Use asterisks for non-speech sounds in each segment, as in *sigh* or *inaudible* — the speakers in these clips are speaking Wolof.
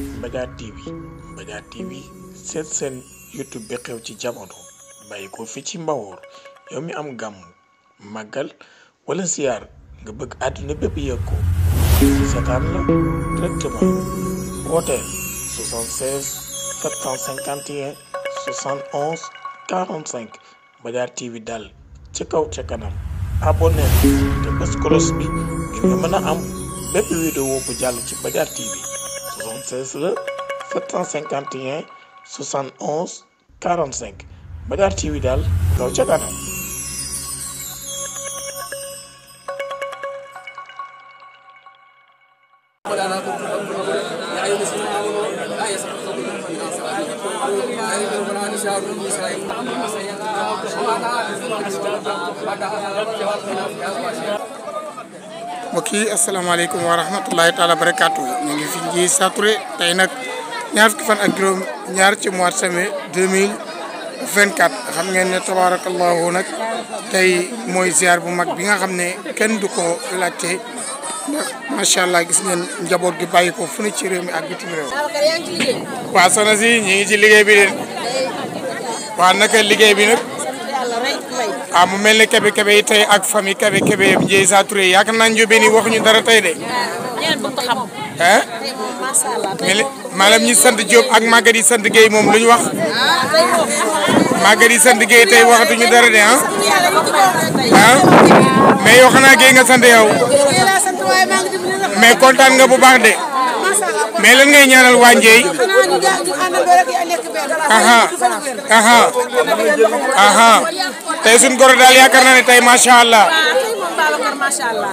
Mbadiar TV Mbadiar seen YouTube bi xew ci jamono bàyyi ko fi ci mbawoor yow mi am gàmm màggal wala ziar nga bëgg àdduna bépp yëg ko seetaan la directement woote 76 dal ci kaw ca kanam abonné te bés kolos bi ngir mën a am bépp vidéo bu jàll ci Mbadiar 76 la 751 71 45 Madiar TV daal gaw ca kanam yi asalaamaaleykum wa rahmatulahi taala barakaatu ñu ngi fi nji saturé tey nag ñaar fukki fan ak juróom ñaar ci mois de mai 2024 xam ngeen ne tabaarakallahu nag tey mooy ziar bu mag bi nga xam ne kenn du ko laajte ndax allah gis ngeen njaboot gi bàyyi ko fu ne ci réew mi ak bitim réew. waaw soxna liggéey bi de waaw naka liggéey bi nag. ah mu mel ne Kébé Kébé yi tey ak famille Kébé Kébé yëpp Ndiaye Sa Touré yaakaar naa njóobeen yi waxuñu dara tey de. ñeneen bëgg xam. sant Diop ak Maguette yi sant Guèye moom lu ñu wax. Maguette yi sant Guèye tey waxatuñu dara de ah. ah mais xanaa Guèye nga sant yow. mais kontaan nga bu baax de. mais lan ngay ñaanal waa Ndiaye. aha aha. tey suñu goro daal yaakaar naa ne tey macha allah. waaw tey moom Babacar macha allah.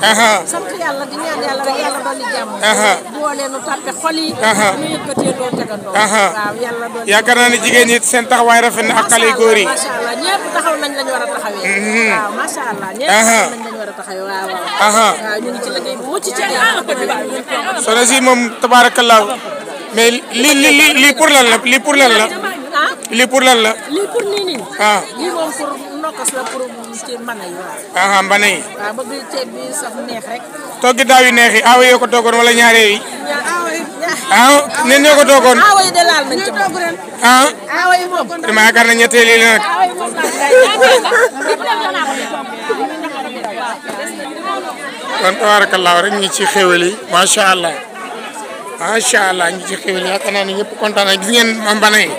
yaakaar naa ne jigéen ñi seen taxawaay rafet na ak xale yu góor yi. macha allah ñëpp taxaw nañ lañ mhm. war a taxawee. waaw macha allah ñëpp moom tabaarakallaahu mais li lan la. lii pour lan la. lii pour nii toggi daaw yu neex yi aawa yoo ko toogoon wala ñaareel yi. aaw ah, ñen ñoo ko toogoon. aawa ci moom. Ah. yi moom. dama yaakaar la nag. kon tabaarakallaa rek ñu ci xéwal allah macha allah ñu ci xéwal yi yaakaar naa ne ñëpp kontaan na yi.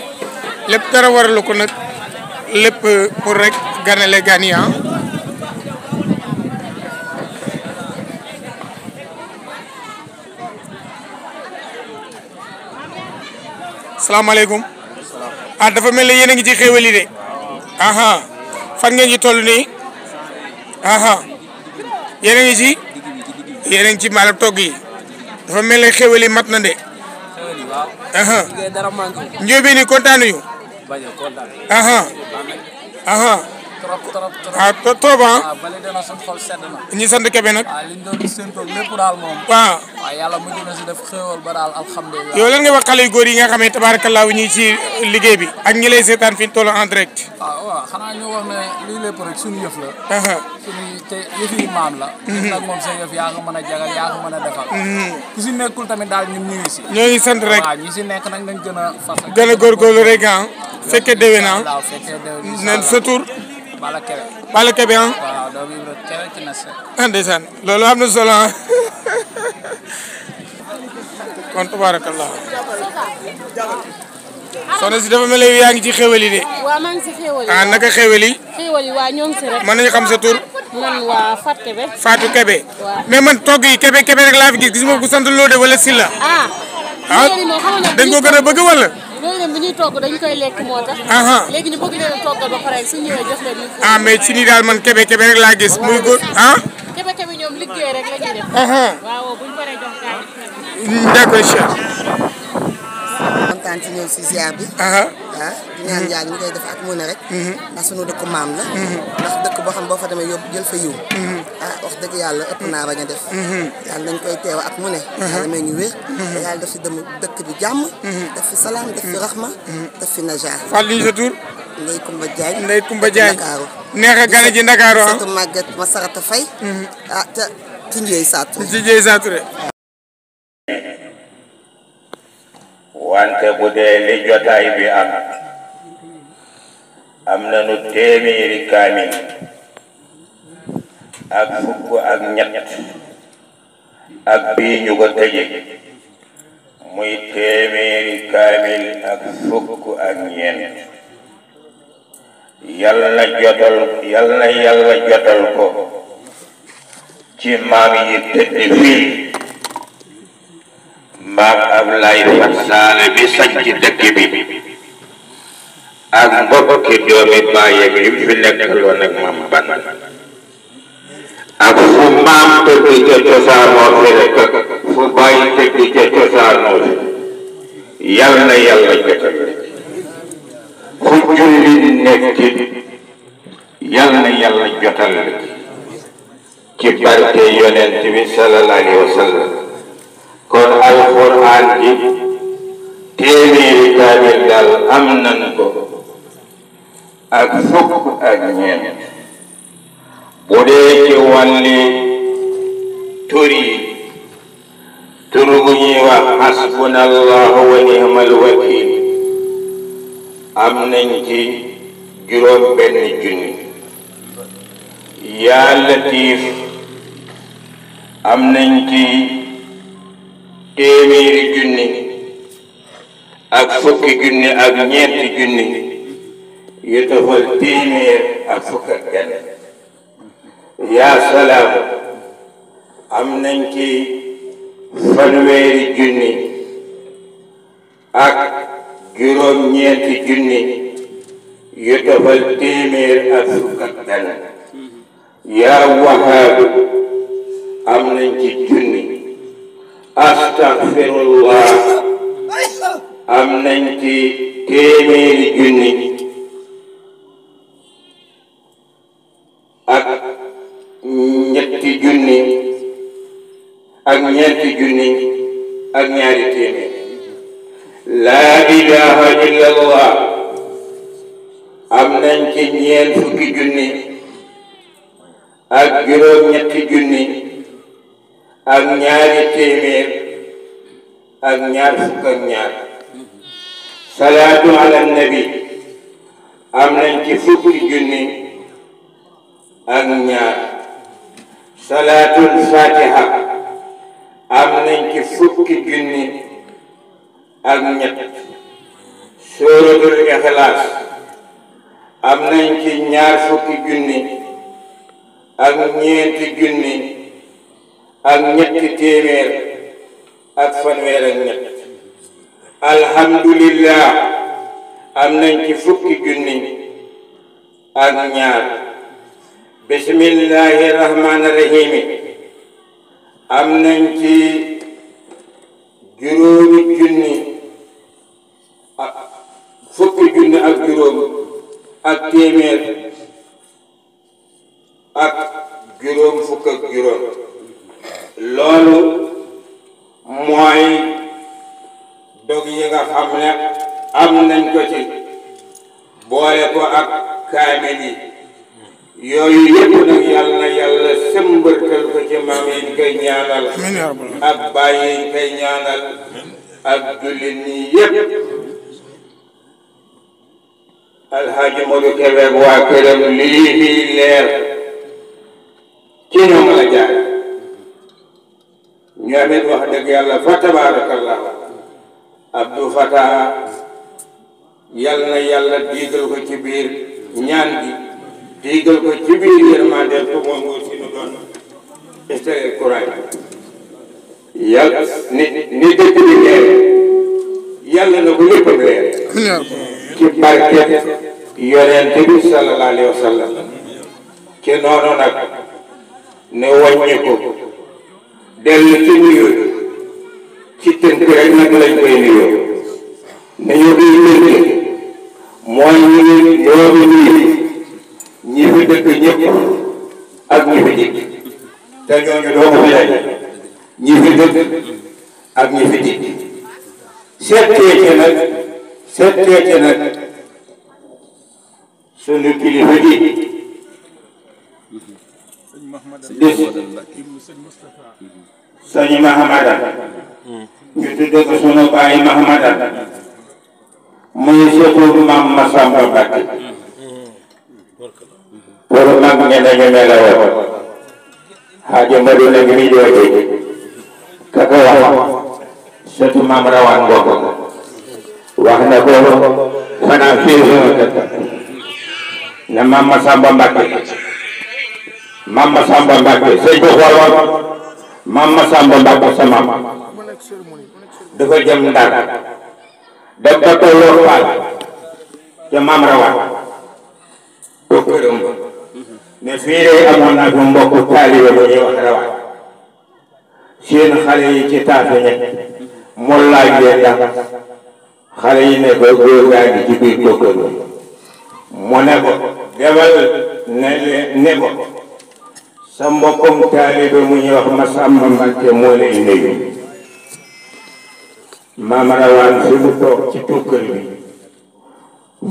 lépp dara waralu ko nag lépp pour rek ganale ganiyan salaamaaleykum ah dafa mel ne yéen a ngi ci xéwal yi de aha ah. fan ngeen ci toll nii aha ah. yéen a ngi ci yéen a ngi ci maanaam togg dafa mel ne xéwal mat na de aha ah. njóobeen yi Ajá. Ajá. trop trop trop ah trop trop ah. waaw validé na suñu xol sedd na. ñi sant Kébé nag. waaw ah, li ñu doon séntu lépp daal moom. waaw waaw ah, yàlla mujj na si def xéewal ba daal alhamdulilah. yow lan nga wax xale yu góor yi nga xam ne tabaarakallaahu ñu ngi ci liggéey bi. ak ñi lay seetaan fi ñu toll en direct. Ah, rek suñu mhm. sa yëf yaa ko mën a jagal yaa ko mën a defal. Mhm. ku si nekkul tamit daal ñun sant rek waaw ñi si nekk nag a fas. gën a góorgóorlu Balla Kébé. Balla Kébé ah. waaw ah, loolu am na solo ah. kon tabarakallah. soxna si dafa mel ni yaa ngi ci xéwal yi de. waaw maa ngi ah, si xéwal yi. xam sa tur. man waa Fatou man togg yi Kébé Kébé rek laa fi gis gisuma ko sant Lodé wala Silla. Ah, ah dañ ko gën a bëgg wala. loolu nag bu ñuy togg dañ koy lekk moo tax. léegi ñu bëgg leen a toggal ba pare su ñëwee jox leen ah mais ci nii daal man kebe kebe rek laa gis. muy góor ah. kebe kebe ñoom liggéey rek la ñuy def. waaw buñ paree jox gars kontaan si ñëw si ziar bi. ah di ñaan mhm. yàlla ñu koy def ak mu ne rek. Mhm. ndax sunu dëkku maam la. Mhm. ndax dëkk boo xam boo fa demee yóbbu jël fa yiw. ah wax dëgg yàlla ëpp naa bañ a def. yàlla nañ koy mu ne. yàlla may ñu wér. te yàlla def si dem dëkk bi jàmm. def fi salaam def fi rahma. def fi najaar. fàttali ñu sa tur. Ndeye Koumba Diagne. Ndeye Koumba Diagne Ndakaaru. neex a gane ji Ndakaaru ah. di sant Maguette Masarata Faye. ah te Tindieye Saturé. wante bu dee li jotaay bi am am nanu téeméeri kaamil ak fukk ak ñett ak bii ñu ko muy téeméeri kaamil ak fukk ak ñeent yàlla na jotal yàlla na yàlla jotal ko ci maam yi tëdd fii maam Ablaay Fat Saale bi sañc dëkk bi ak mbokki doomi bàyyi yi fi nekk loon ak maam ban ak fu maam tëddi ca cosaanoo fi fu bàyyi tëddi ca cosaanoo fi yal na yàlla fu jullit nekk yal na yàlla jotal ci barke yonent bi sallallahu wa sallam kon alxuraan ji téeméeri kaamil am nan ko ak fukk ak ñeent bu dee ci wàlli tur yi tur bu ñuy wax xasbuna allahu wakil am nañ ci juróom junni yaa latiif am nañ téeméeri junni ak fukki junni ak ñeenti junni yu tofal téeméer ak fukk ak benn salaam am nañ ci fanweeri junni ak juróom ñeenti junni yu tofal téeméer ak fukk ak benn yaa am nañ ci junni astaghfirullah am nañ ci téeméeri junni ak ñetti junni ak ñeenti junni ak ñaari téeméer laa ilaha illallah am nañ ci ñeen fukki junni ak juróom ñetti junni ak ñaari téeméer ak ñaar fukk ak ñaar salaatu ala nabi am nañ ci fukki junni ak ñaar salaatul fatiha am nañ ci fukki junni ak ñett sóoratul ixlaas am nañ ci ñaar fukki junni ak ñeenti junni ak ñetti téeméer ak fanweer ak ñett alhamdulillah am nañ ci fukki junni ak ñaar bismillahi rahmaani rahimi am nañ ci juróomi junni fukki junni ak juróom ak téeméer ak juróom fukk ak juróom loolu mooy dog yi nga xam ne am nañ ko ci boole ko ak kaamil yooyu yëpp nag yàlla na yàlla sëmbërtal ko ci maam yi ñu koy ñaanal ak baay yi ñu ñaanal ak jullit ñi yëpp alxaaji Modu Kebe waa këram lii fii leer ci ñoom la jaar nga ne wax dëgg yàlla fa tabaarakallah Abdou Fatah na yàlla diigal ko ci biir diigal ko ci biir yërmande ko moom moo si nu doon istéril courage yàlla ni ni dëkk bi leer yàlla na ko lépp leer ci barke yonente wa sallam ci noonu nag ne wàññi dellu ci nuyu ci tënk rek nag lañ koy nuyu nañu biy tënk mooy ñi ñoo fi nuyu ñi fi dëkk ñëpp ak ñi fi jikk te ñooñu doo fi lay ñi fi dëkk ak ñi fi jikk seetee ci nag seetee ci nag sunu kilifa gi di soñi Mahamadan ñu tuddee ko sunu baay Mahamadan muy surtout maam Masamba Mbàkke pour mag ñi nañu melawoo xaajo mbaru na ngi jooje ka ko wax surtout maam rawaan bokk wax na ko fanaan fii na maam Masamba Mbàkke maam Masamba Mbàkke sëñ bi xooloon maam Masamba Mbacke sama dafa jëm Ndar dem ba tolloo Faal ca maam Rawaan boo këram ne fii de amoon naa fi mbokk taalibe bu ñuy wax Rawaan seen xale yi ci taafe ñett mu laaj leen ndax xale yi ne ko góor gaa ngi ci biir boo këram mu ne ko demal ne ne ko sa mbokkum taalibe mu ñuy wax Masamba Mbacke moo lay nuyu maam rawaan fi mu toog ci tukkal bi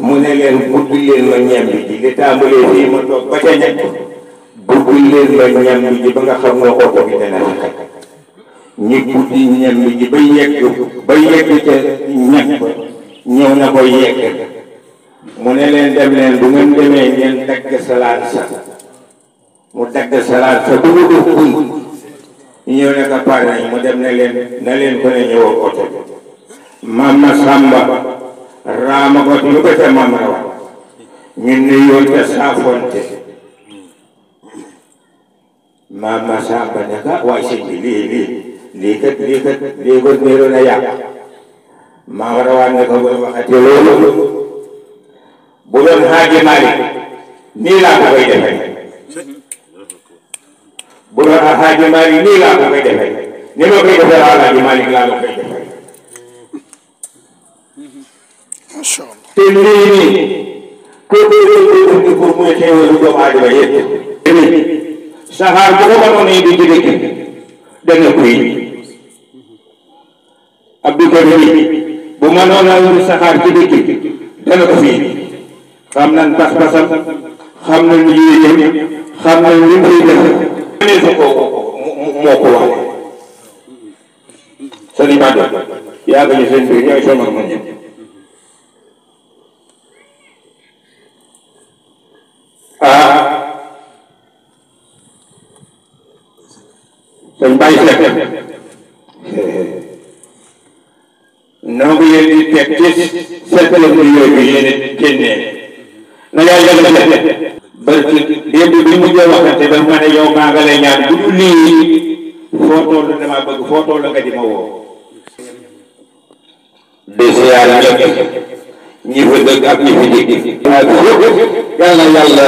mu ne leen buddu leen ma ñambi ji li tàmbalee fii ma toog ba ca ñett buddu leen ma ñambi ba nga xam nga oto bi dana xaj ñu buddi ñambi ba yegg ba yegg ca ñett ñëw na ko yegg mu ne leen dem leen bu ngeen demee ngeen dagg salaat sax mu dagg salaat sa dugub kuy ñëw ne ko pare nañ mu dem na leen na leen ko ne ñëwal oto samba raama ko lu ko ca mam raw ñu nuyoo ca saafonte mama samba ne ka waay sëñ bi lii lii lii kat lii kat lii kat niru na yàq mam rawaan ne ko bu waxati loolu bu doon xaaji Malik nii laa ko koy defee kon Alaaji te lii saxaar bu ko mënoon yi di jóge ci dana koy Abdou Karim bu mënoon a wër saxaar ci dëkk dana ko fii xam nañ pas-pasam xam nañ yéeneem xam nañ li muy def ministre kooku moo ko wax sëriñ Bado yaa ngi seen biir ñooy sama man ah sëñ Baye Seck noo ngi leen di teg ci seetlu yooyu yéen a génnee na yàlla def barki démb li mu jël waxante daf yow maa nga lay ñaan bu julli foo toll damaa bëgg foo toll nga di ma woo. di siyaar ñëpp ñi fi dëkk ak ñi fi dikk. ak yàlla yàlla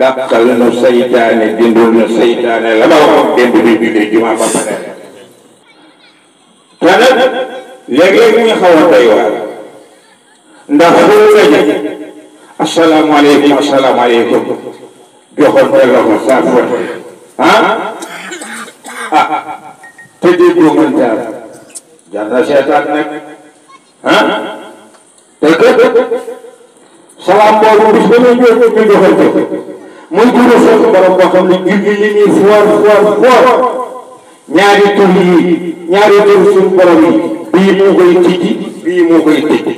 dàqal nu saytaane dindul nu saytaane la ma waxoon démb bi julli jumaa ba pare. te nag léeg xaw a doy waar. ndax foo nga asalaamaaleykum asalaamaaleykum joxoon te loxo saa ko ah? ah te déggoo mën jaar jaar na seetaan nag ah dëgg salaam boobu bis ba ñu ñu joxante muy guru seen borom boo xam ne julli li ñuy foor foor ñaari tur ñaari tur suñu borom yi bii moo koy tijji bii moo koy tijji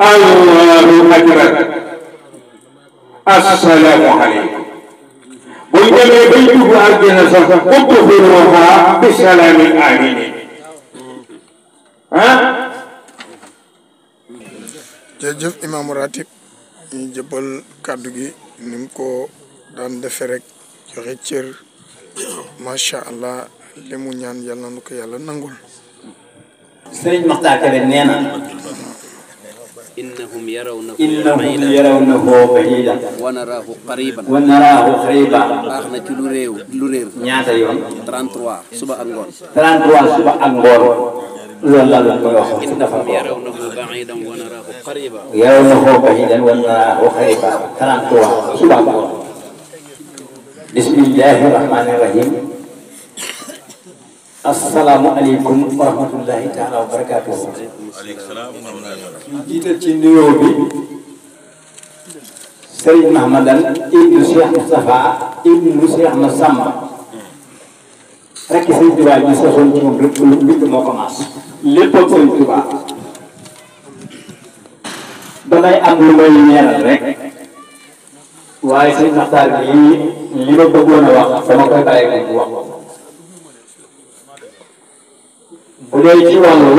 allahu akbar Assalamualaikum. aleykum buñ demee bay dugg àjjana sax udxuluha bi salaamin aminin ah jërëjëf imaamu ratib ñu jëbal kàddu gi ni mu ko daan defe rek joxe cër macha allah li إنهم يرونه إنهم يرونه بعيدا ونراه قريبا ونراه قريبا baax na ci lu réew lu réer ñaata yoon 33 suba ak ngoon 33 suba ak ngoon loolu lan la koy wax dafa yarawnahu ba'idan wa narahu qariba yarawnahu ba'idan wa narahu qariba 33 suba ak ngoon bismillahi rahmani rahim Assalamualaikum warahmatullahi taala wabarakatuh. barakaatuhu ñu bi Serigne Muhammadan ibnu Cheikh Mustafa ibnu Cheikh Massamba rekk Serigne Touba bi saxoon ci moom rek lu bind moo commencé lépp ak am lu may rek li ma bu dee ci wàllu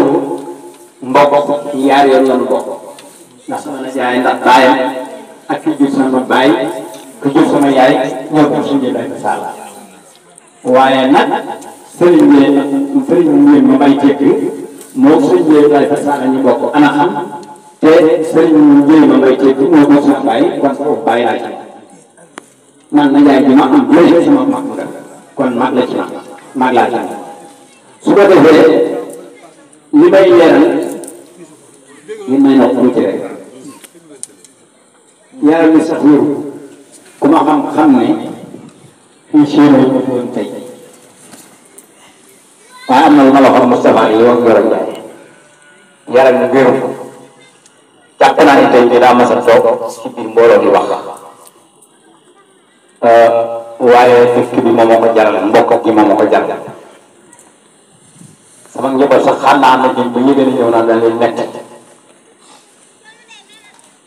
mbokk ñaar yoon lañu bokk ndax sama na si yaay ndax baayam ak ki jur sama baay ki jur sama yaay ñoo ko suñu bay ba saala waaye nag sëriñ bi sëriñ bi ma bay moo suñ jëy bay ba saala ñu bokk ana xam te sëriñ bi jëy ma bay jëkk moo ko suñu baay kon foofu baay laa ci man na yaay bi ma am léegi kon mag la ci mag mag laa ci defee li may leeral li may nopp lu ci rek ni sax loolu ku xam xam ne fii séeréer ko woon tey waaye am ma la waxoon Moustapha yi ci di wax euh, waaye bi jaral mbokk gi jaral sama njaboot sax xam naa ne ñun bu ñu gën a ñëw naan dañ nekk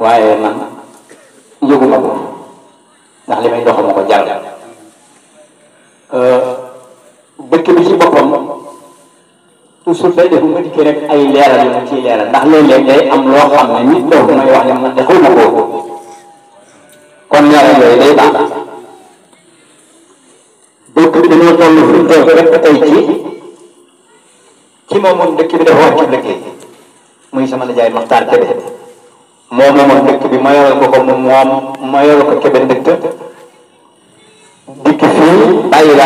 waaye man yëguma ko ndax li may doxuma ko jàng euh, dëkk bi ci boppam toujours day def mu dikkee rek ay leeral yu mu leeral ndax léeg-léeg day am loo xam ne nit daw may wax ne man de xaw na ko kon leeral yooyu day baax dëkk bi dañoo toll fi rek tey ci moomoon dëkk bi dafa wax sama nijaay Maxtaar Kébé moo moomoon dëkk bi ma yoral ko ko moom moom ma yoral ko Kébé ndëkk dikk fii bàyyi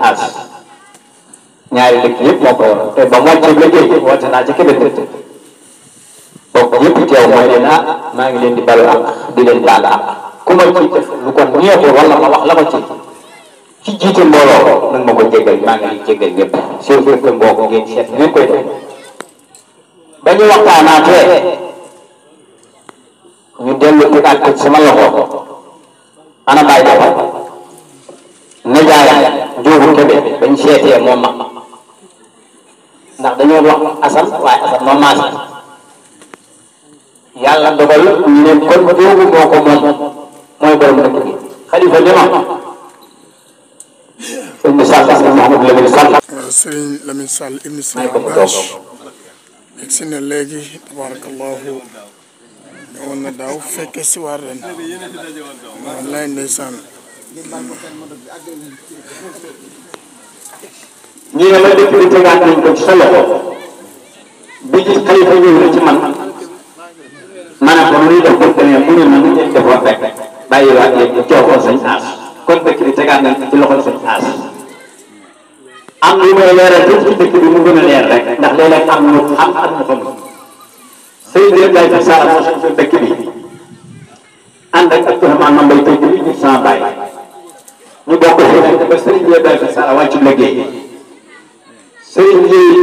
As ñaari dëkk yëpp moo ko waral te ba mu wàccee liggéey wàcce naa ci Kébé ndëkk ah, di balu di leen baal ak ku ma ci def lu bỏ jiital mbooloo nag ma ko jégal maa ngi di jégal ñëpp surtout que mbokk ngeen seet ngeen koy def ba ñu waxtaanaatee ñu dellu tegaat ko sama loxo ana bàyyi dafa nijaaya jóobu kebe ba ñu seetee moom ma ndax dañoo wax asam waaye asal moom maas yàlla dogal ñu ne kon jóobu moo ko moom mooy borom dëkk bi xalifa li ma Mamadou Lamine Sall. Euh, Serigne Lamine Sall ibni Sall Bache ne léegi tabarakallahu ñëwoon fekke si waar ren ma député tegaat nañ am lu may leeral ba ci dëkk bi mu gën a leer rek ndax léeg-léeg am lu am am na xam sëñ bi rek lay fi bi ànd ak actuellement man bay tey ñu sama baay ñu bokk fii ba sëriñ bi lay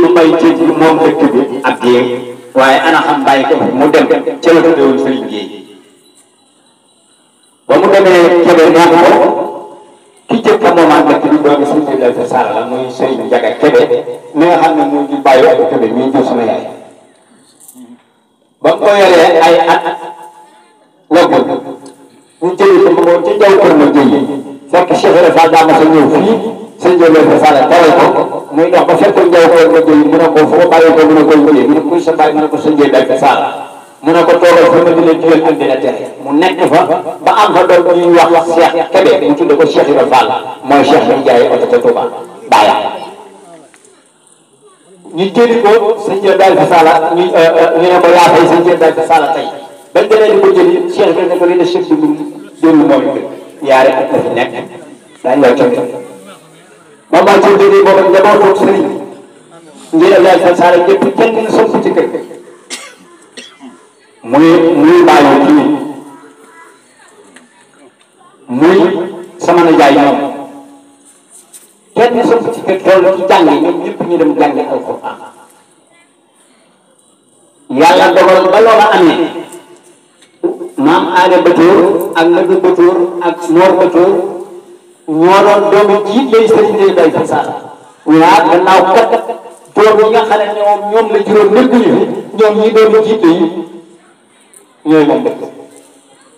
mu may tey bi moom dëkk bi ak yéen waaye ana bàyyi ko mu dem ca la tuddewoon sëriñ bi ba mu demee Kébé neex ko ki jëkk moom ànd ak di doomi suñu Ibrahima Fall Sall la muy Serigne Ndiaga Kébé mi nga xam ne moo jur bàyyi ak Kébé mi jur sama yaay ba mu ko ko moom ci jaw kër ma jëyee fekk Cheikh Ibra Fall daa sa ñëw fii Serigne Ibrahima Fall teewal ko muy dox ba fekk jaw kër ko foo bàyyi ko mu ne ko jëyee mu ne kuy sa bàyyi mu ne mu ne ko toogal fi ma di la juyal ak mu nekk fa ba am fa doom ñuy wax Cheikh Kébé mu tudde ko Cheikh Ibrahima Fall mooy Cheikh yi jaay oto ca Touba Baaya ñu jëli ko sëñ Cheikh daal fi Sala ñu euh, euh, ñu ne ko tey bañ demee di ko jëli Cheikh bi at na fi nekk daañu la coono moom maa ci jëli boobu njabootu sëriñ ngir daal fi Sala ñëpp kenn sopp ci kër muy muy bàyyi kii muy sama nijaay ñoom kenn sopp ci kër ci jàng yi ñoom ñëpp ñu dem jàngi alxuraan yàlla dogal ba loola amee maam aada Batoor ak Nabi Batoor ak Noor Batoor ñoo doon doomu jiit lay sëriñ lay bay fi waa gannaaw kat doom yi nga xam ne ñoom ñoom la juróom nekkuñu ñoom ñi doomu jiit yi ñooy moom dëkk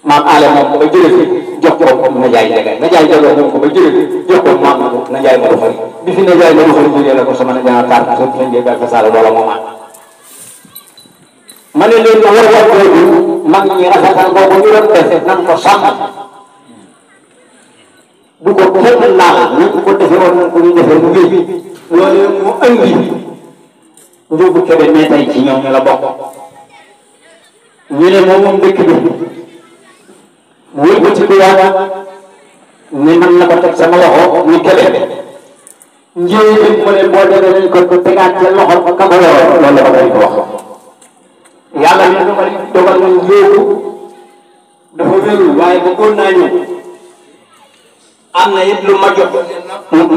maam aale moom ko ba jërëjëf jox ko na jaay jege na jaay jege moom ko ba jërëjëf jox ko maam na jaay ma du fari bi fi na jaay ma du fari jëlee la ko sama na jaay kaar so lañ dee gàlfe sall loola moom am ma ne leen war war boobu mag ñi rafetal boobu ñu doon def nan ko sàmm bu ko kenn laal ñu ko defee woon nañ ko ñu defee mu géej loolu mu andi njóobu kebe ne tey ci ñoom ñu la bokk वो कुछ भी वीरमोमुंदिकिदु वीरकुचिकुयान ना बता समय हो निकले ये भी मुझे बोलते कि कुछ ने को चल चलो हो पक्का बोलो बोलो बोलो बोलो बोलो या लगे तो मरी तो बल ये दहोवेल वाय बको नायु am na yëpp lu ma jot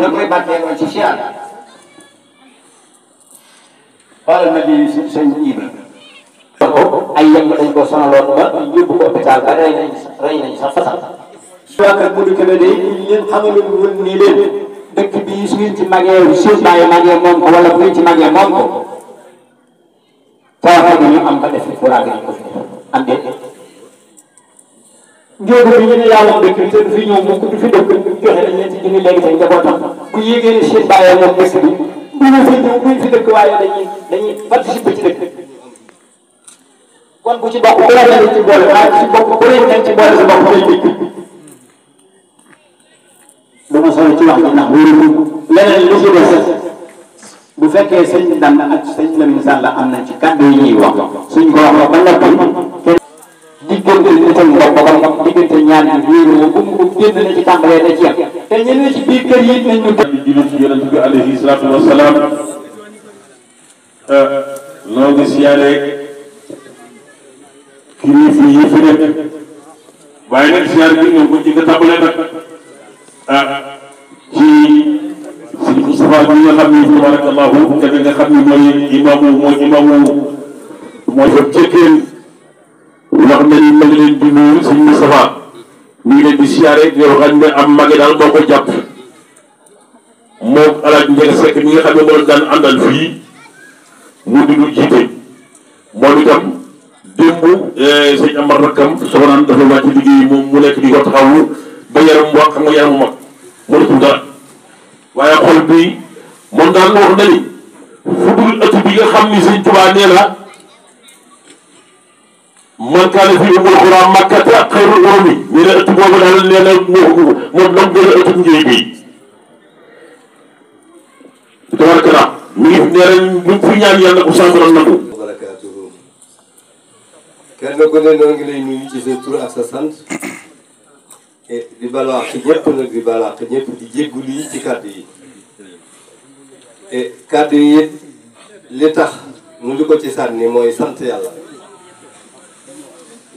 na koy bàtteekoo ci siyaar xoolal ma lii sëñ Ibra te ko ay yàgg dañ ko sonaloon ba yóbbu ko hôpital ba rey nañ rey nañ sax fa sax. su waa kër Modou Kébé de ñu leen xamaloon woon nii leen dëkk bii su ngeen ci màggee seen bàyyi màggee moom ko wala bu ngeen ci màggee moom ko tawaaxe bi ñu am ba def walaaka ñu ko fi am déet. njóobu bi ñu ne yàlla dëkk bi te du fi ñëw mukk du fi dëkk joxe nañ leen ci junni léegi tey njabootam ku yéegee ne seen bàyyi moom dëkk bi bu ñu fi ñëw bu ñu fi dëkk waaye dañuy dañuy participer ci dëkk kon bu ci bokk bu la ci boole waaye bu ci bokk bu leen ci boole sa bopp day dégg. lu ma sori ci wax bi ndax wóorul leneen lu ci des bu fekkee sëñ Dan ak sëñ Lamine Sall am na ci kàddu yi ñuy wax suñ ko wax ba noppi. diggante nit ak mbokk ba ba diggante ñaar ñi wéeroo bu mu ko génn na ci tàmbalee da ci yem te ñenn ci biir kër yi nañ ñu. di julli ci yonent bi alayhi salaatu wa salaam euh, noo ngi siyaare mu ngi fi yii fi nekk waaye nag siyaar bi ñoom ko ci nga tàmbalee nag ah, nga xam ne mooy imaamu mooy imaamu mooy fa jëkkeen wax ma ngi leen di nuyu si Moustapha ñu ngi leen di siyaare di wax am mage daal boo ko jàpp moom alaaj njëkk sekk mi nga xam ne moo daan àndal fii mu di lu jiite moom itam démb eh, sëñ Amar rakkam soxnaam dafa wàcc liggéey moom mu nekk di ko taxawu ba yaram wax xam nga yaramu mag mu nekkul dara waaye xol bi moom daal wax na ni daal nee moom moom gën a ëtt njëriñ bi tabaraka mi ngi nee nañ buñ ñaan yàlla ko sàmbaram nangu kenn ko ne noo ngi lay nuyu ci sa tur ak sa sant di balaax ñëpp nag di balaax ñëpp di jéggulu yi ci kàddu yi kàddu yi li tax mu di ko ci ni mooy sant yàlla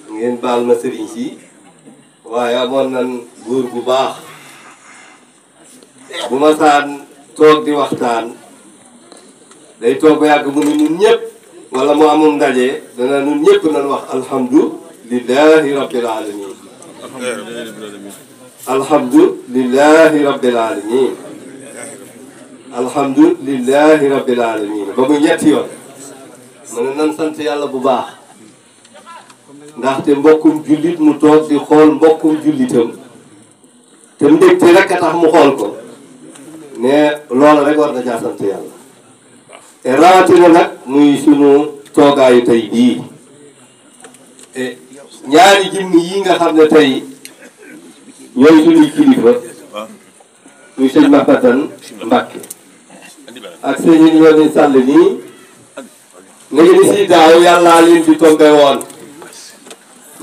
ngeen baal na sëriñ si waaye amoon nan góor bu baax bu ma saan toog di waxtaan day toog ba yàgg mu ne ñun wala mu amum ndaje dana nun ñëpp nañ wax alhamdulillahi rabbil alamin alhamdulillahi rabbil alamin alhamdulillahi rabbil alamin ba mu ñetti yoon ma a nan sant yàlla bu baax ndaxte mbokkum jullit mu toog di xool mbokkum jullitam te mbégte rek a tax mu xool ko ne loola rek war na caa sant yàlla rawatina nag muy sunu toogaayu tey jii e, ñaari jëmm yi nga xam ne tey ñooy suñuy kilifa muy sëñ Mabatan Mbacke ak sëñ yi ñoo ni sàll nii nega ni si daaw yàllaa leen di togge woon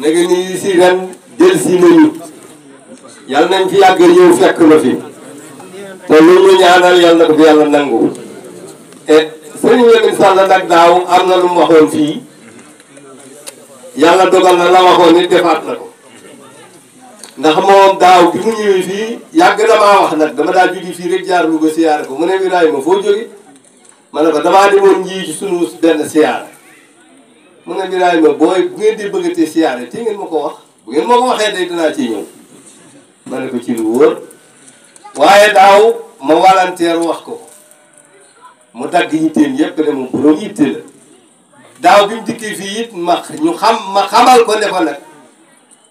ni si ren jël si nañu yàlla nañ fi yàgg ñëw fekk na fi te lu ñu ñaanal yàlla ko fi yàlla nangu e, sëriñ Lamine Sall daaw am na lu mu waxoon fii yàlla dogal na la waxoon nit defaat na ko ndax moom daaw bi mu ñëwee fii yàgg na wax nag dama daa jóge fii rek jaar Louga siyaare ko mu ne Ibrahima foo jóge ma ne ko damaa demoon njiitu sunu benn siyaare mu ne Ibrahima booy bu ngeen di bëggatee siyaare te ngeen ma ko wax bu ngeen ma ko waxee day dinaa ciy ñëw ma ne ko ci lu wóor waaye daaw ma walanteer wax ko mu dagg yitteem yëpp ne moom borom yitte la daaw bi mu dikkee fii it ma ñu xam ma xamal ko ne ko nag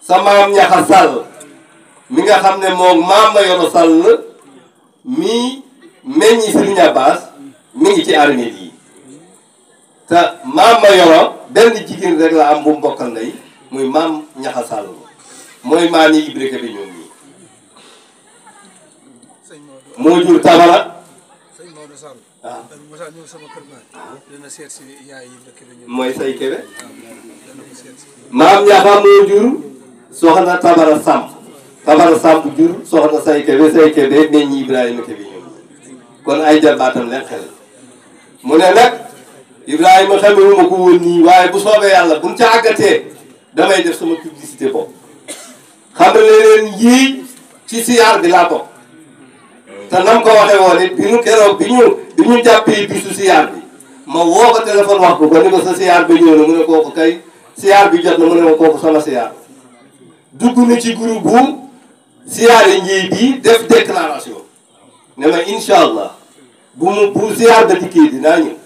sa maam ñaxa mi nga xam ne moo maam ma yoro sàll mii meññi Sëriñ Abbas mi ngi ci armée yi te maam ma yoro benn jigéen rek la am bu mu bokkal ndey muy maam ñaxa mooy maam yi Ibra Kebe ñoom ñii moo jur tabara waaw mooy say kebe maam ñaxa moo jur soxna tabara samp tabara samp jur soxna say kebe say kebe ne ñi ibrahima kebe ñoom kon ay jarbaatam leen xel mu ne nag ibrahima xamewuma ko woon nii waaye bu soobee yàlla buñ ca àggatee damay def sama publicité bopp xam ne leen yii ci siyaar bi laa bokk te nam ko waxee woon it bi ñu keroog bi ñu bi ñu jàppee bisu siyaar bi ma woo ko téléphone wax ko ba ni ko sa siyaar bi ñëw na mu ne kooku kay siyaar bi jot na mu ne ma kooku sama siyaar dugg na ci groupe bu siyaar yi njiy bii def déclaration ne ma incha allah bu mu bu siyaar ba dikkee dinaa ñëw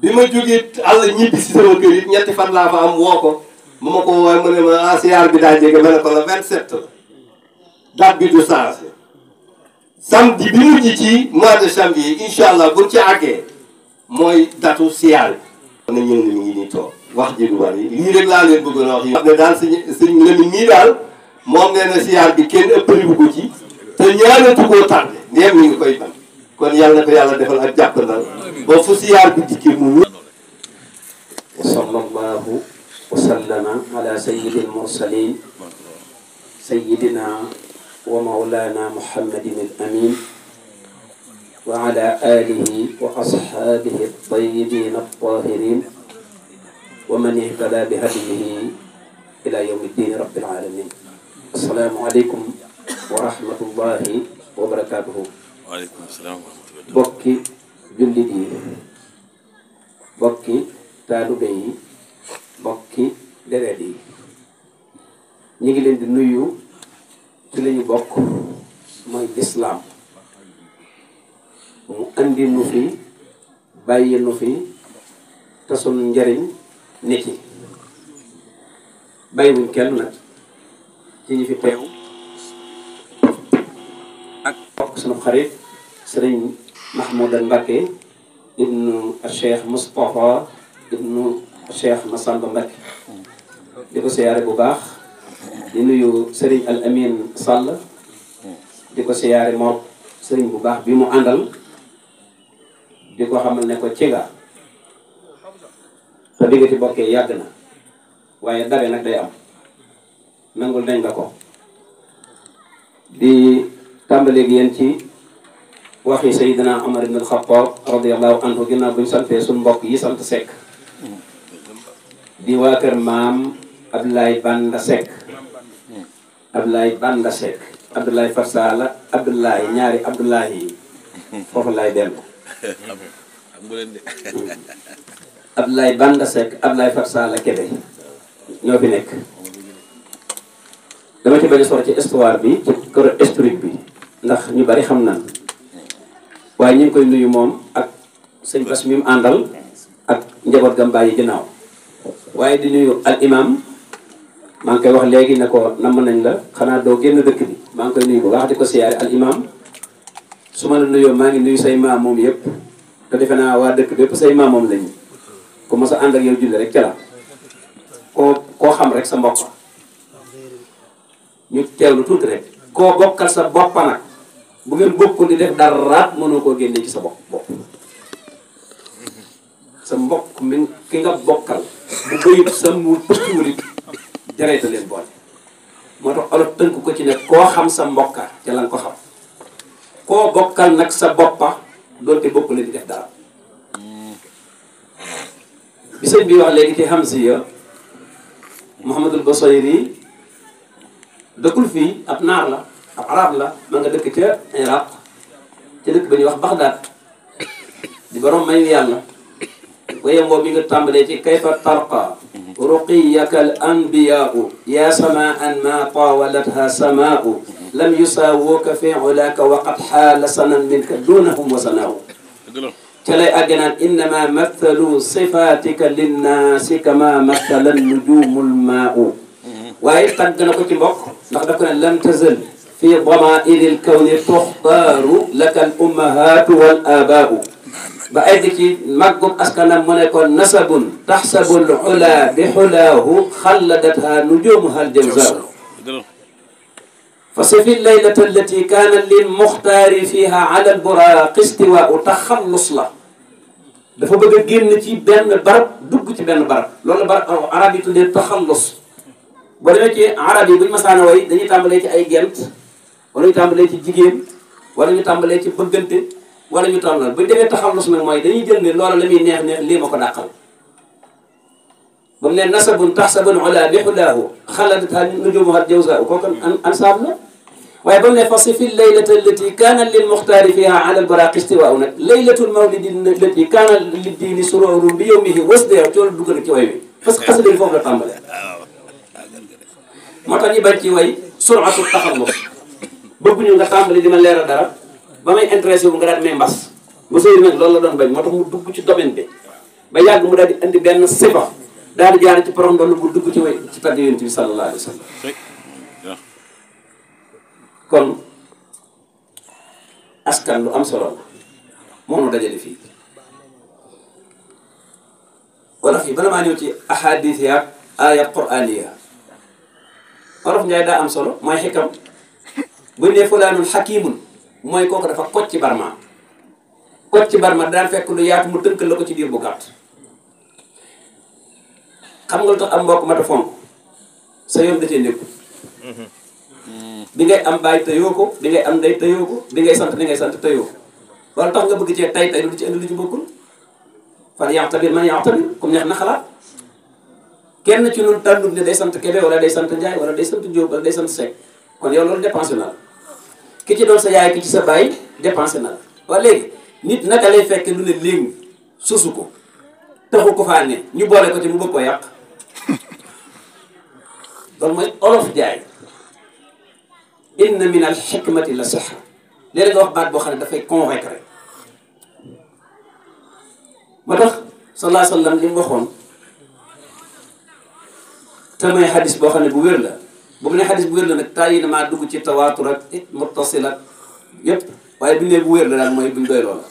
bi ma jógee àll ñibbi si sama kër it ñetti fan laa fa am woo ko ma ma ko woowee mu ne ma ah siyaar bi daa jege ma ne ko la 27 la date bi du samedi bi mujj ci mois de janvier incha allah buñ ci àggee mooy datu siyaal bi. na ñëw ñu ngi nii toog wax ji du bari lii rek laa leen bëggoon wax yi. xam ne daal suñu suñu nii daal moom nee na bi kenn ëppaliwu ko ci te ñaanatu koo tardé ndéem ñu ngi koy ban kon yàlla na ko yàlla defal ak jàppandal ba fu siyaal bi dikkee mu wér. wa sallallahu wa sallama ala sayyidil mursalin sayyidina ومولانا محمد الأمين وعلى آله وأصحابه الطيبين الطاهرين ومن اهتدى بهديه إلى يوم الدين رب العالمين السلام عليكم ورحمة الله وبركاته وعليكم السلام ورحمة الله بكي جلدي بكي تالبي بكي bokki نيجي yi ñu ci lañu bokk mooy islaam mu andi nu fi bàyyi nu fi te sunu njariñ nit yi bàyyiwuñ kenn nag ci ñu fi teew ak bokk sunu xarit sëriñ Mahmoudan Mbacké ibnu Cheikh Moustapha ibnu Cheikh Massamba Mbacké di ko siyaare bu baax di nuyu Serigne Al Amin Sall di ko siyaare moom sëriñ bu baax bi mu andal di ko xamal ne ko ci nga te di nga ci bokke yàgg na waaye dabe nag day am nangul nañ la ko di gi yéen ci waxi sayyidina umar ibn al-Khattab radiyallahu anhu ginnaaw buñ santee sun mbokk yi sant sek di waa mam maam ban sek. Abdoulaye Banda Seck abdullahi fasala abdullahi ñaari abdullahi fofu foofu dem abdullahi Abdoulaye Banda Seck Abdoulaye Farsala Kébé ñoo fi nekk dama ci bañ a sor ci histoire bi ci kër historique bi ndax ñu bari xam naan waaye ñu koy nuyu mom ak sëñ Bass mi mu ak njabot gam bàyyi ginnaaw waaye di nuyu al imam mang koy wax legui nako nam nañ la xana do genn dekk bi mang koy nuyu bu baax ko al imam suma la nuyu mang ngi nuyu say imam mom yep da defena wa dekk bepp say imam mom lañ ko massa a ak yow julli rek kala ko ko xam rek sa mbokk ñu teewlu tout rek ko bokkal sa bop nak bu ngeen bokku di def dara mëno ko genn ci sa bop bop sa mbokk min ki nga bokkal bu bëyut sa mu jaree da leen boole moo tax olof tënk ko ci ne ko xam sa mbokka ci lan ko xam ko bokkal nak sa boppa doonte bokku len def dara bi bi wax léegi te Hamziya Mouhamadul Basayri dëkkul fi ab nar la ab arab la ma nga dekk ci Iraq ci dekk ba wax baghdad di borom may yalla waye mo bi nga tàmbalee ci kayfa tarqa رقيك الأنبياء يا سماء ما طاولتها سماء لم يساووك في علاك وقد حال سنا منك دونهم وسناه تلاي أجنا إنما مثلوا صفاتك للناس كما مثل النجوم الماء وهي قد نقول بق لقد لم تزل في ضمائر الكون تختار لك الأمهات والآباء بأيدك مقم أسكن ملك نسب تحسب العلا بحلاه خلدتها نجومها الجزار فصف الليلة التي كان للمختار فيها على البراق استواء تخلص له دفو بغا ген تي بن بار دوج تي بن لولا بار عربي تودي تخلص بو ديمي عربي بن مسانا داني تامبالي تي اي جنت ولي تامبالي تي جيجين ولا ني تامبالي تي ولا يطلع لنا بدي نتحمس من ماي دني جل نلور لم ينيح لي ما كنا قل بمن النسب تحسب على بحلاه خلدت نجومها الجوزاء وكوكب أنصابنا ويبني فصف الليلة التي كان للمختار فيها على البراق استواء ليلة المولد التي كان للدين سرور بيومه وسد يقتل بكرة كويه فس قصد الفوق القاملة ما كان يبكي وي سرعة التخلص بكرة القاملة دي من ليرة دارا ba may intéressé wu nga daal may mbas Ousseynou nag loolu la doon bañ moo tax mu dugg ci domaine bi ba yàgg mu daal di andi benn siba daal di jaar ci borom loolu bu dugg ci way ci tagg yonent bi sallallahu alayhi wa sallam kon askan lu am solo mo moo nu dajale fii wolof yi bala maa ñëw ci ahadith ya aya qur'aniya wolof njaay daa am solo mooy xikam buñ ne fulaanun hakimun moy kooku dafa kocc ci barma kocc ci barma daan fekk lu yaatu mu teunk lako ci bir bu gatt xam nga tax am mbokk mata fon sa yom da cee nekk bi ngay am bay tëyoo ko bi ngay am day te ko bi ngay sant bi ngay sant tëyoo wala tax nga bëgg ci tay tay lu ci andu lu ci bokul fa yaax tabir man yaax tabir comme neex na xalaat kenn ci ñun tànnut ne day sant kebe wala day sant Njaay wala day sant Jóob wala day sant sek kon yow lolu dépense na la ki ci doon sa yaay ki ci sa baay dépensé na la waaye léegi nit naka lay fekk lu ne léegi susu ko taxu ko faa ne ñu boole ko ci mu bëgg ko yàq loolu mooy olof jaay inna min al xikmati la sax léeg nga wax baat boo xam ne dafay convaincre moo tax sallallahu alayhi wa sallam li mu waxoon te mooy xadis boo xam ne bu wér la bu mu ne xadis bu wér la nag tàyyi na maa dugg ci tawaatur ak muttasil ak yépp waaye bu ñu nee bu wér la daal mooy bu ñu doy loola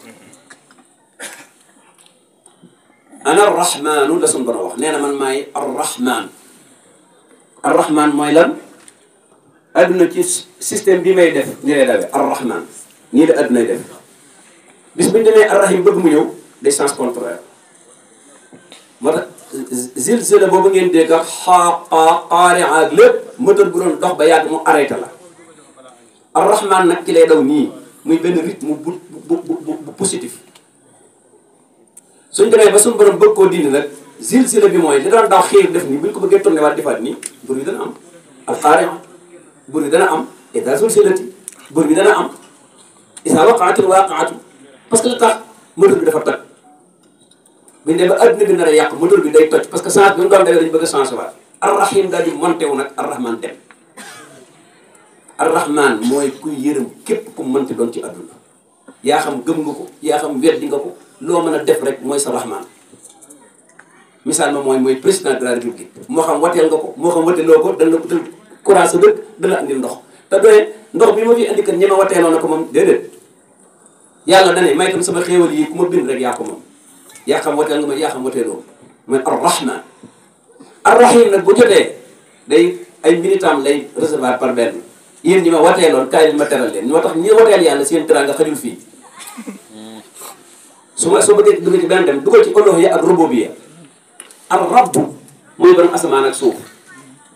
ana arrahmaanu la suñu borom wax nee na man maay arrahmaan arrahmaan mooy lan adduna ci système bi may def ni lay dawee arrahmaan nii la addunay def bis bu ñu demee arrahim bëgg mu ñëw day sens contraire moo tax zilzala boobu ngeen dégg ak xaaqa qaari'a ak lépp moteur bu doon dox ba yàgg mu arrêté la arrahman nag ki lay daw nii muy benn rythme bu bu bu positif suñ demee ba suñu borom bëgg koo dindi nag zilzala bi mooy li doon daw xiir def nii buñ ko bëggee tourné waat defaat nii bur bi dana am al qaari'a bur bi dana am idaa zulzilati bur bi dana am isaa waqaatil waaqaatu parce que li tax moteur bi dafa tag bi ñu demee ba adduna bi nar a yàqu moteur bi day toj parce que change bi mu doon demee dañu bëgg a changé waat arrahim daal di monté wu nag arrahman dem arrahman mooy kuy yërëm képp ku mënti doon ci adduna ya xam gëm nga ko yaa xam weddi nga ko loo mën def rek mooy sa rahman misaal ma mooy mooy président de la république mo xam wateel nga ko mo xam wateeloo ko dana utal courage sa dëkk dana andi ndox ta doone ndox bi mo fi andi kan ñi ma wateeloo na ko moom déedéet yàlla dane may tam sama xéewal yi ku bind rek ya ko moom ya xam wote lu ma ya xam ar rahman ar rahim nak bu jote day ay militant lay recevoir par ben yeen ñima wote lon kay ma teral len motax tax ñi woteel yalla seen teranga xajul fi suma ma soo dugg ci benn dem dugal ci ya ak rububiyya ar rabb moy ban asman ak suuf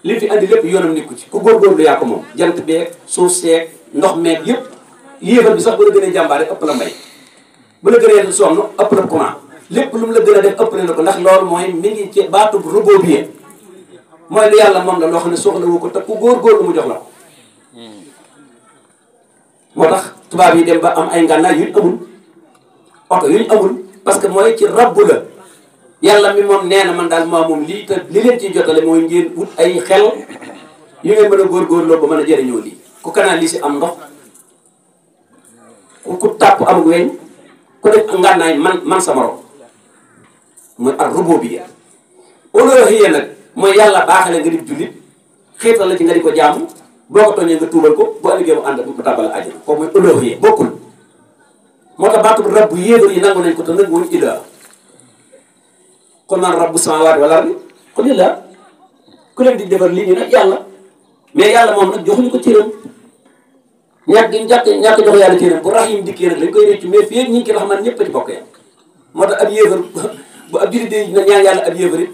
li fi andi lepp yonam nit ku ci ku góorgóorlu yaa ko mom jant be suuf seeg ndox meek yëpp yéefal bi sax bu la gënee ëpp la may bu la gënee sonn ëpp la courant lépp lu mu la gën a def ëpp na ko ndax loolu mooy mi ngi ci baatub bi mooy lu yàlla moom la loo xam ne wu ko te ku góor góor mu jox la moo tax tubaab yi dem ba am ay ngànnaay yuñ amul oto yuñ amul parce que mooy ci rabbu la yàlla mi moom nee na man daal maa moom lii te li leen ci jotale mooy ngeen wut ay xel yu ngeen mën a loo ba mën a jëriñoo lii ku kanaan lii si am ndox ku tàpp amul weñ ku def ngànnaay man man sa morom moy ar rububiyya uluhiyya nag mooy yàlla baaxale nga di julit xiirtal la ci nga di ko jaamu boo ko nga tumal ko bo ligé mo and ko tabal àjjana ko moy uluhiyya bokkul moo tax baatu rab bu yéegal yi nangul nañ ko te nak wuñ ila kon naan rabb samawat wala ardi kon ila ku leen di defal li ni nak yalla mais yàlla moom nag joxuñu ko tiram ñak gi ñàkk ñak jox yalla tiram bu rahim dikki rek lañ koy reccu mais fi ñi ngi ki raxmaan ñëpp ci bokk ya moo ab yéefar *laughs* bu ab jullit dee na ñaan yàlla ab yéefar it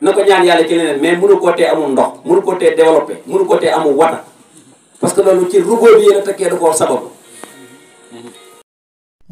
na ko ñaan yàlla ci mais mënu koo tee amul ndox mënu koo tee développé mënu koo tee amul wata parce que loolu ci rugóo bi yéen a takkee da koo sababu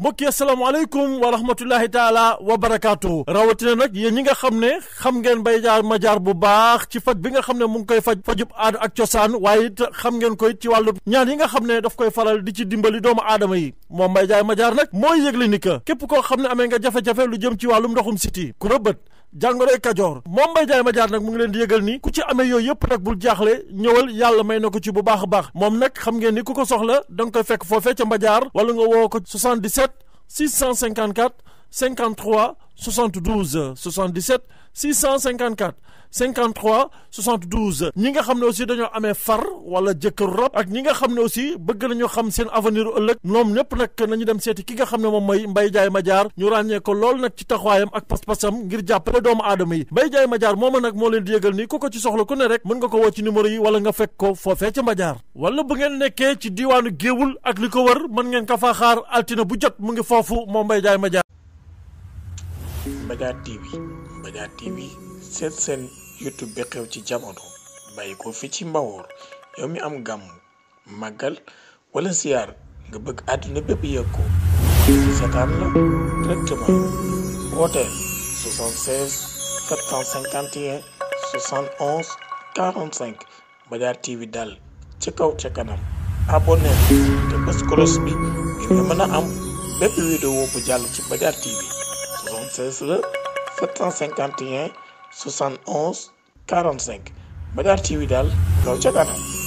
mbokk yi asalaamaaleykum wa rahmatullahi taala wa barakaatu rawatina nag yéen ñi nga xam ne xam ngeen bay jaar ma jaar bu baax ci faj bi nga xam ne mu ngi koy faj fajub aada ak cosaan waaye xam ngeen koy ci wàllu ñaan yi nga xam ne daf koy falal di ci dimbali doomu aadama yi moom bay jaar ma jaar nag mooy yëgle ni que képp koo xam ne amee nga jafe-jafe lu jëm ci wàllum ndoxum siti ku rëbët jàngoroy kajoor moom Mbaye Ndiaye Madiane nag mu ngi leen di yëgal ni ku ci amee yooyu yëpp nag bul jaaxle ñëwal yàlla may na ko ci bu baax baax moom nag xam ngeen ni ku ko soxla da nga koy fekk foofee ca Mbadiar wala nga woo ko 77 654 53 72 77 654 53 72 ñi nga xamne aussi dañu amé far wala jëk rob ak ñi nga xamne aussi bëgg nañoo xam seen avenir ëlëk ñom ñëpp nak nañu dem seeti ki nga xamne mom may mooy Mbaye Ndiaye Madiar ñu rañé ko lool nak ci taxwayam ak pass pasam ngir jàppale doomu adam yi Mbaye jaay Madiar moma nak mo leen di yëgal ni ku ko ci soxla ku ne rek mën nga ko woo ci numéro yi wala nga fekk ko fofé ci Madiar wala bu ngeen nekké ci diwanu Géewul ak liko wër mën ngeen ka fa xaar altina bu jot mu ngi fofu mom Mbaye jaay Madiar Mbadiar TV Mbadiar seen YouTube bi xew ci jamono bàyyi ko fi ci mbawoor yow mi am gàmm màggal wala siyaar nga bëgg àdduna bépp yëg ko seetaan la directement wooteel 76 dal ci kaw ca kanam abonné te bés cloche bi ngir mën a am bépp vidéo bu jàll ci Mbadiar 76 la 751 71 45 Médar TV daal kaw ca kanam